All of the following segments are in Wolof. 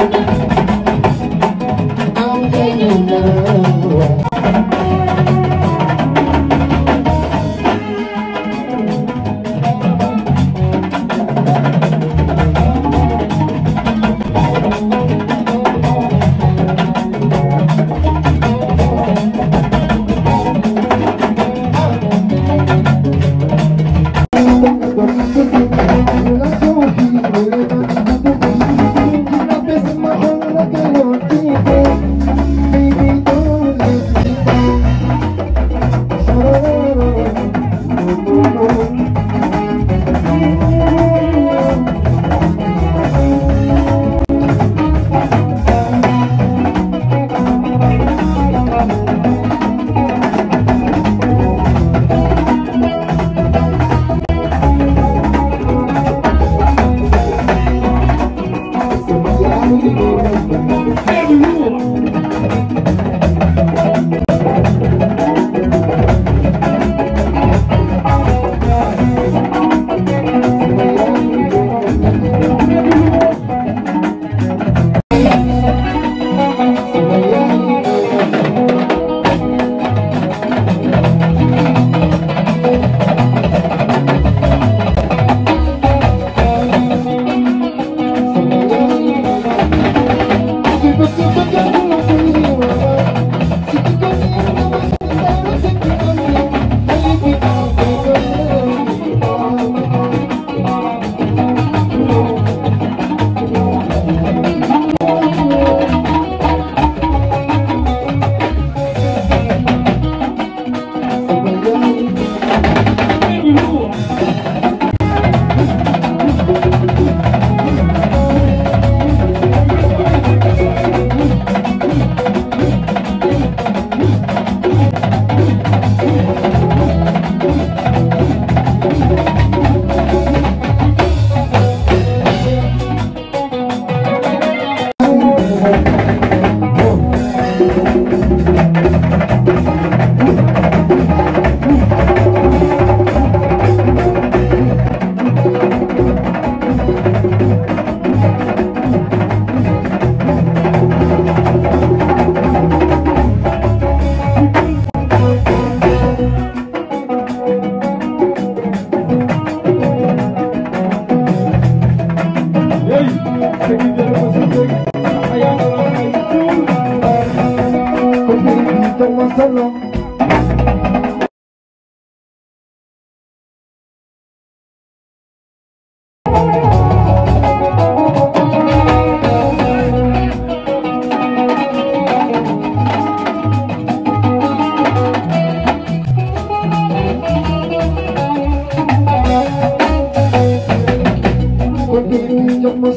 I'm getting nowhere.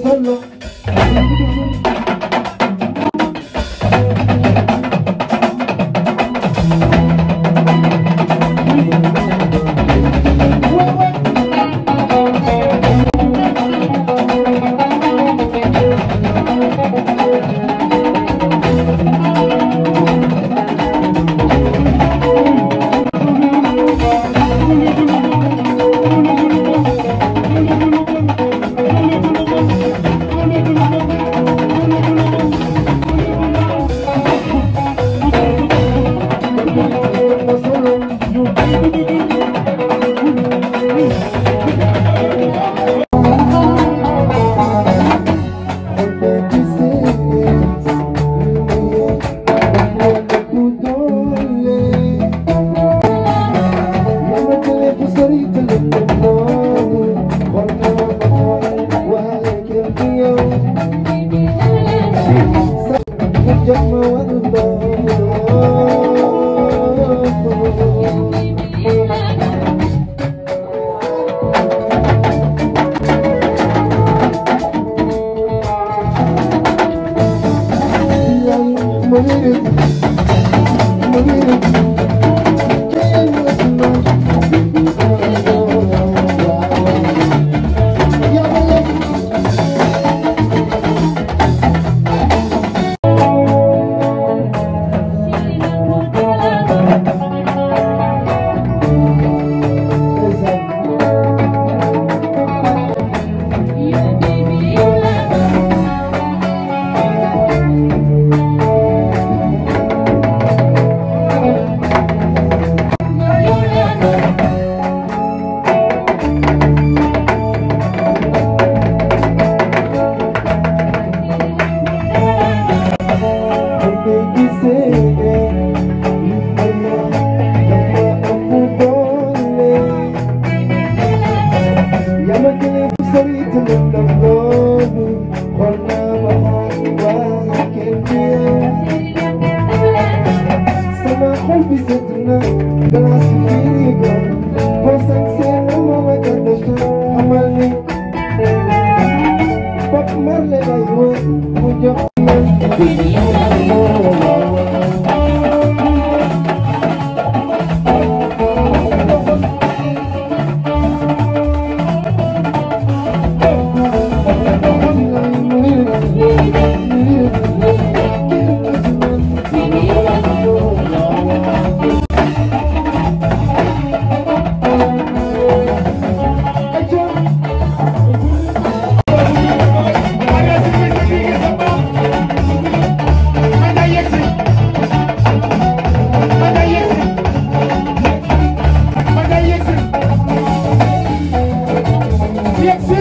solo. mundo.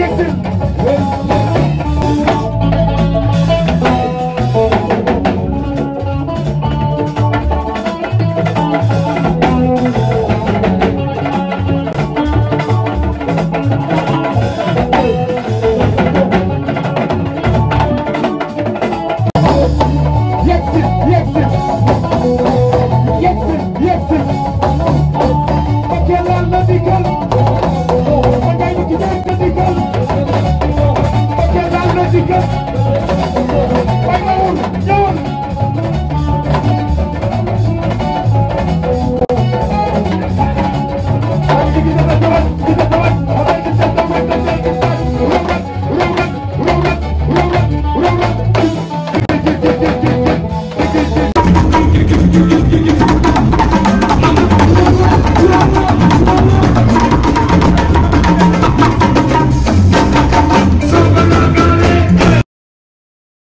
Yes, yes, yes.